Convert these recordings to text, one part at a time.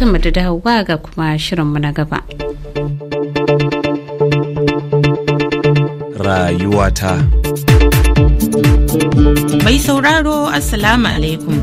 mu da dawowa ga kuma shirin mu na gaba. Rayuwata Mai sauraro Assalamu alaikum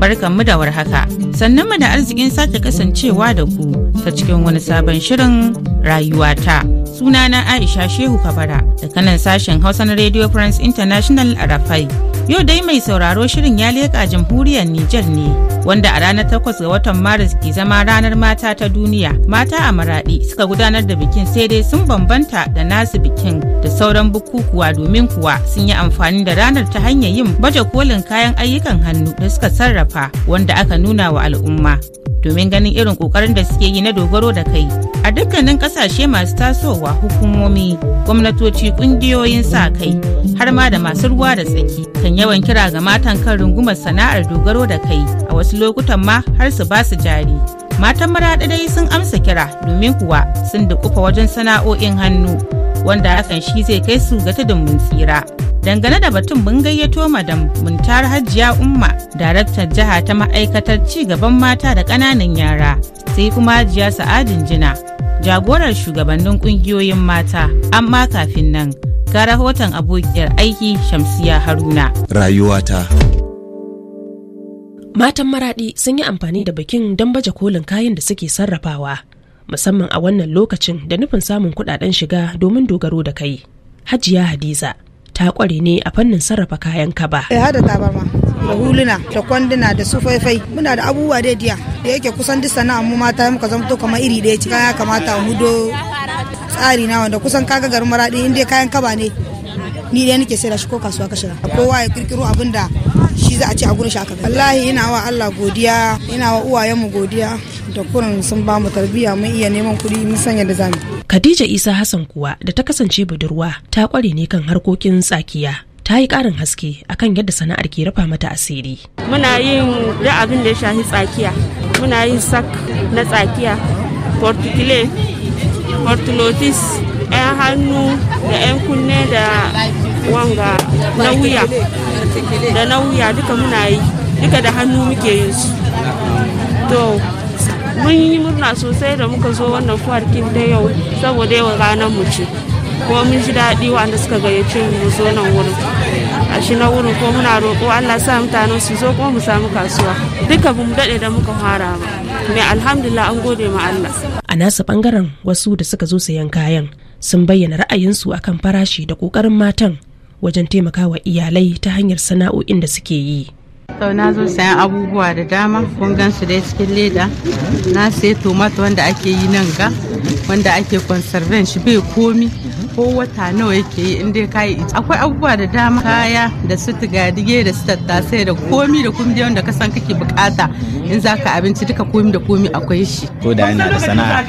barkanmu da warhaka sannan mu da arzikin sake kasancewa da ku ta cikin wani sabon shirin rayuwata sunana Aisha Shehu Kabara da kanan sashen Hausa na Radio France International a Rafai. Yau dai mai sauraro shirin ya leƙa jamhuriyar Nijar ne, wanda a ranar takwas ga watan Maris ke zama ranar mata ta duniya. Mata a Maraɗi suka gudanar da bikin sai dai sun bambanta da nasu bikin da sauran bukukuwa domin kuwa sun yi amfani da ranar ta hanyar yin baje kolin kayan ayyukan hannu da suka sarrafa wanda aka nuna wa al'umma. domin ganin irin kokarin da suke yi na dogaro da kai a dukkanin kasashe masu tasowa hukumomi gwamnatoci kungiyoyin sa kai har ma da masu ruwa da tsaki kan yawan kira ga matan kan rungumar sana'ar dogaro da kai a wasu lokutan ma har su ba su jari matan maraɗa dai sun amsa kira domin kuwa sun dukufa wajen sana'o'in hannu wanda hakan shi zai kai su ga tudun tsira. Dangane da batun mun gayyato madam Muntar Hajiya Umma, daraktar jiha ta ma'aikatar ci gaban mata da ƙananan yara, sai kuma Hajiya Sa'adin Jina, jagorar shugabannin ƙungiyoyin mata, amma kafin nan ga rahoton abokiyar aiki Shamsiya Haruna. Rayuwata. Matan maraɗi sun yi amfani da bikin don baje kolin kayan da suke sarrafawa. musamman a wannan lokacin da nufin samun kudaden shiga domin dogaro da kai hajiya hadiza ta kware ne a fannin sarrafa kayan kaba ya eh, hada tabarma da huluna da kwanduna da su muna da abubuwa da diya da yake kusan duk sana'a mu mata muka zamto kamar iri ɗaya ci ya kamata mu do tsari na wanda kusan kaga garin maraɗi in dai kayan kaba ne ni dai nake sai da shi ko kasuwa ka shiga kowa ya kirkiro abin da shi za a ce a gurin shi aka wallahi ina wa Allah godiya ina wa uwayenmu godiya da kuran sun ba mu tarbiyya mun iya neman kuɗi mun sanya da zamu Khadija Isa Hassan kuwa da ta kasance budurwa ta kware ne kan harkokin tsakiya ta yi ƙarin haske akan yadda sana'ar ke rufa mata asiri. Muna yin da abin da ya shafi tsakiya, muna yin sak na tsakiya, Portugale, portulotis, 'yan hannu da 'yan kunne da wanga na wuya da na wuya duka muna yi duka da hannu muke yin su mun yi murna sosai da muka zo wannan fuwar kin da yau saboda yawan ranar mu ce ko mun ji daɗi wanda suka gayyace mu zo nan wurin a shi na wurin ko muna roƙo Allah sa mutanen su zo kuma mu samu kasuwa duka bamu daɗe da muka fara ba mai alhamdulillah an gode ma Allah a nasa bangaren wasu da suka zo sayan kayan sun bayyana ra'ayinsu akan farashi da ƙoƙarin matan wajen taimakawa iyalai ta hanyar sana'o'in da suke yi Sau na zo sayan abubuwa da dama kun gan su dai cikin leda. Na sayi tomato wanda ake yi nan ga wanda ake conserving shi bai komi ko wata nawa yake yi in dai kayi akwai abubuwa da dama kaya da su tigadige da su tattasai da komi da kumje wanda ka san kake bukata in za ka abinci duka komi da komi akwai shi ko da yana da sana'a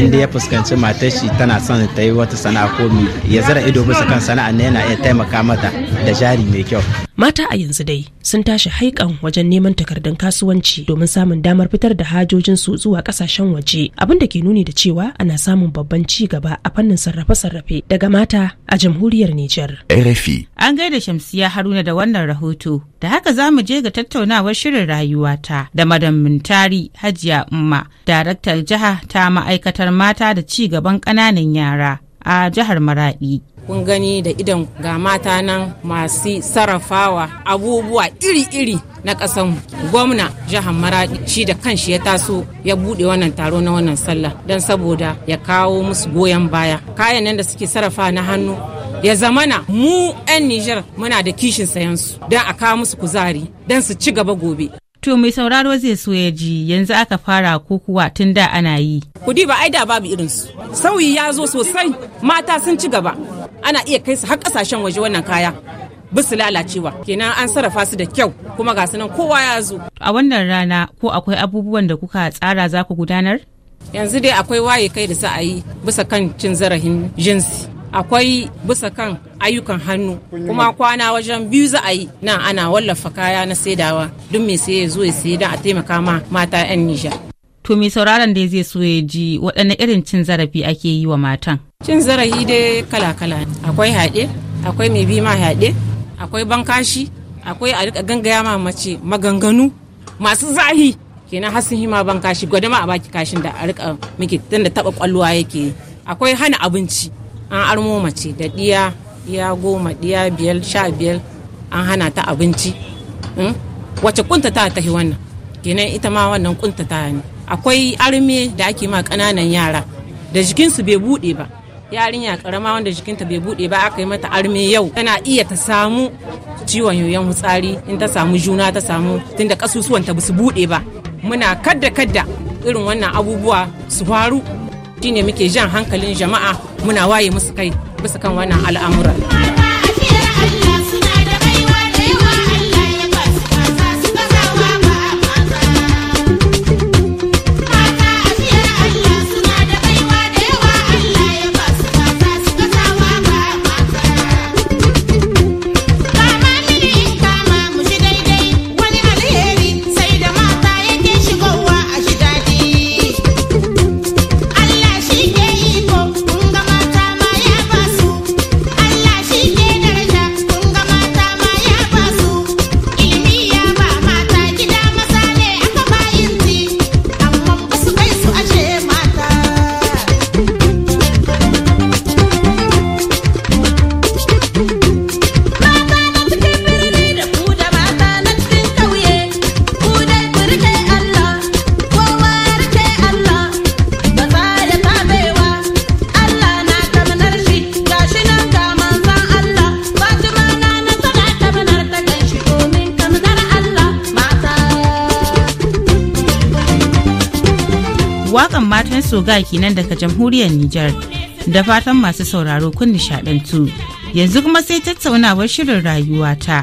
inda ya fuskanci matar shi tana son ta yi wata sana'a komi ya zara ido bisa kan sana'a ne yana iya taimaka mata da jari mai kyau mata a yanzu dai sun tashi haikan wajen neman takardun kasuwanci domin samun damar fitar da hajojin su zuwa kasashen waje abin da ke nuni da cewa ana samun babban ci gaba a fannin sarrafe-sarrafe daga mata a jamhuriyar Nijar. RFI. An gaida Shamsiya Haruna da wannan rahoto, da haka za mu je ga tattaunawar shirin rayuwata da Madam Mintari Hajiya Umma, daraktar jiha ta ma'aikatar mata da ci gaban ƙananan yara a jihar Maraɗi. kun gani da idan ga mata nan masu sarrafawa abubuwa iri-iri na ƙasan gwamna jihar maraɗi shi da kanshi ya taso ya buɗe wannan taro na wannan sallah don saboda ya kawo musu goyon baya kayan nan da suke sarrafa na hannu ya zamana mu 'yan Nijar muna da kishin sayansu don a kawo musu kuzari don su ci gaba gobe. To mai sauraro zai so ya ji yanzu aka fara ko tun da ana yi. Kudi ba ai da babu irin su. Sauyi ya zo sosai mata sun ci gaba. Ana iya kai su har kasashen waje wannan kaya. bisu lalacewa kenan an sarrafa su da kyau kuma ga nan kowa ya zo. A wannan rana ko akwai abubuwan da kuka tsara za ku gudanar? Yanzu dai akwai waye kai da sa a bisa kan cin zarafin jinsi. akwai bisa kan ayyukan hannu kuma kwana wajen biyu za a yi nan ana wallafa kaya na saidawa duk mai saye zo ya saye don a taimaka ma mata 'yan Nijar. To mai sauraron da zai so ya ji waɗanne irin cin zarafi ake yi wa matan? Cin zarafi dai kala-kala akwai haɗe, akwai mai ma haɗe, akwai bankashi, akwai a rika gangaya ma mace maganganu masu zahi kenan har sun hima bankashi gwada ma a baki kashin da a rika miki tunda taɓa kwallowa yake akwai hana abinci an armo mace da ɗiya ya goma ɗiya biyar sha biyar an hana ta abinci hmm? wace kunta ta tahi wannan kenan ita ma wannan kuntata ne akwai arme da ake ma ƙananan yara da jikinsu bai buɗe ba yarinya karama wanda jikinta bai buɗe ba aka yi mata arme yau tana iya ta samu ciwon yoyon hutsari in ta samu juna ta samu tunda kasusuwanta ta su buɗe ba muna kadda kadda irin wannan abubuwa su faru shine muke jan hankalin jama'a muna waye musu kai bisa kan wannan al'amura. wakan matan soga kenan daga jamhuriyar Nijar da fatan masu sauraro kun shaɗantu Yanzu kuma sai tattaunawar shirin rayuwata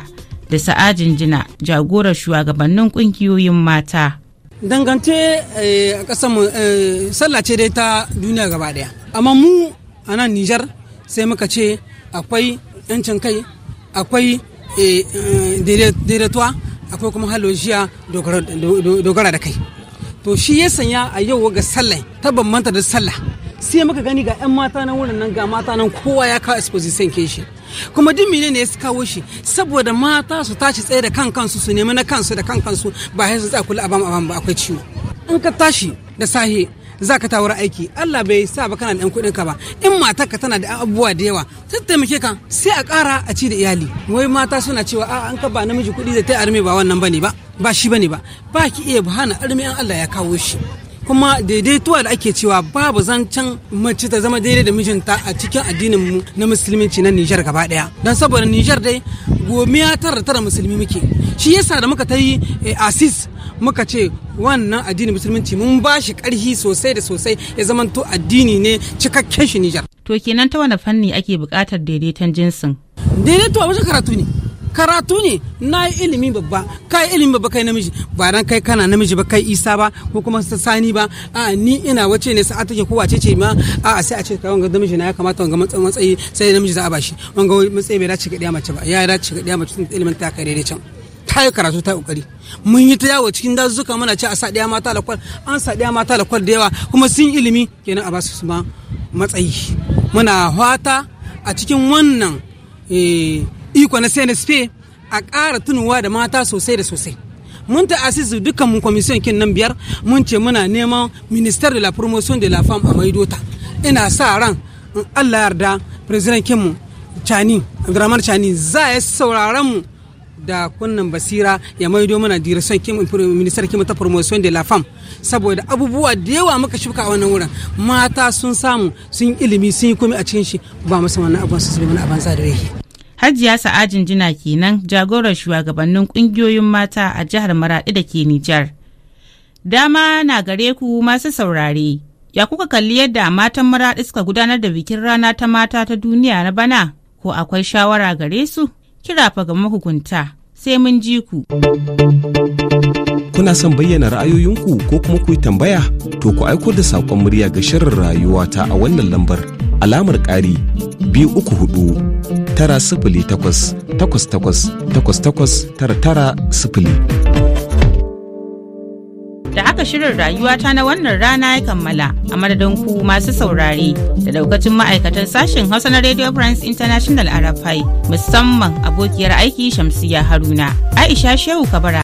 da sa'ajin jina jagorar shugabannin ƙungiyoyin mata. Dangante eh, a ƙasarmu eh, sallah ce dai ta duniya gaba ɗaya. Amma mu a nan Nijar sai muka ce akwai 'yancin kai, akwai eh, daidaituwa, akwai kuma haloshiya dogara da kai. to shi ya sanya a yau ga sallah ta bambanta da sallah sai muka gani ga 'yan mata nan wurin nan ga mata nan kowa ya kawo exposition shi kuma duk mene ne ya kawo shi saboda mata su tashi tsaye da kan kansu su nemi na kansu da kan kansu ba sai su tsaya kula a ba akwai ciwo in ka tashi da sahi za ka tawar aiki Allah bai sa ba kana da ɗan kuɗin ka ba in matarka tana da abubuwa da yawa ta taimake ka sai a ƙara a ci da iyali wai mata suna cewa a an ka ba namiji kuɗi da ta arme ba wannan bane ba ba shi bane ba ba ki iya ba hana arme an Allah ya kawo shi kuma daidaituwa da ake cewa babu zancen mace ta zama daidai da mijinta a cikin addinin mu na musulunci na Nijar gaba daya dan saboda Nijar dai gomiya tara tara musulmi muke shi yasa da muka ta yi eh, asis muka ce wannan addini musulmanci mun ba shi karhi sosai da sosai ya zamanto addini ne cikakken shi Nijar. To kenan ta wani fanni ake bukatar daidaiton jinsin? Daidaito a wajen karatu ne. karatu ne na yi ilimi babba kai ilimi babba kai namiji ba dan kai kana namiji ba kai isa ba ko kuma sani ba a ni ina wace ne sa'a take ko wace ce ma a sai a ce kai wanga namiji na ya kamata wanga matsayi sai namiji za a bashi wanga matsayi bai dace ga ɗaya mace ba ya dace ga ɗaya mace tun ilimin ta kai daidai can ta yi karatu ta yi kokari mun yi ta yawo cikin dazuka muna ce a sa ɗaya mata kwal an sa ɗaya mata kwal da yawa kuma sun ilimi kenan a basu su ma matsayi muna fata a cikin wannan eh, iko na spain a ƙara tunuwa da mata sosai da sosai mun ta asisu dukkan mun kwamishin kin nan biyar mun ce muna neman minister de la promotion de la femme a maidota ina sa ran in allah yarda president kinmu chani abdurrahman chani za ya sauraron mu da kunnan basira ya maido mana direction kim minister kin ta promotion de la femme saboda abubuwa da yawa muka shuka a wannan wurin mata sun samu sun ilimi sun yi komai a cikin shi ba musamman abun su su mana banza da yake Hajiya Sa'ajin Jina kenan jagorar shugabannin kungiyoyin mata a jihar Maradi da ke Nijar. Dama na gare ku masu saurare, ya kuka kalli yadda matan Maradi suka gudanar da bikin rana ta mata ta duniya na bana ko akwai shawara gare su? Kira fa ga mahukunta, sai mun ji ku. Kuna son bayyana ra'ayoyinku ko kuma ku tambaya? To ku aiko da saƙon murya ga shirin rayuwata a wannan lambar alamar ƙari biyu uku hudu tara sifili takwas takwas takwas takwas takwas tara tara sifili. Da haka shirin rayuwata na wannan rana ya kammala a madadin ku masu saurare da daukacin ma'aikatan sashen Hausa na Radio France International Arafai musamman abokiyar aiki shamsiyya Haruna. Aisha Shehu Kabara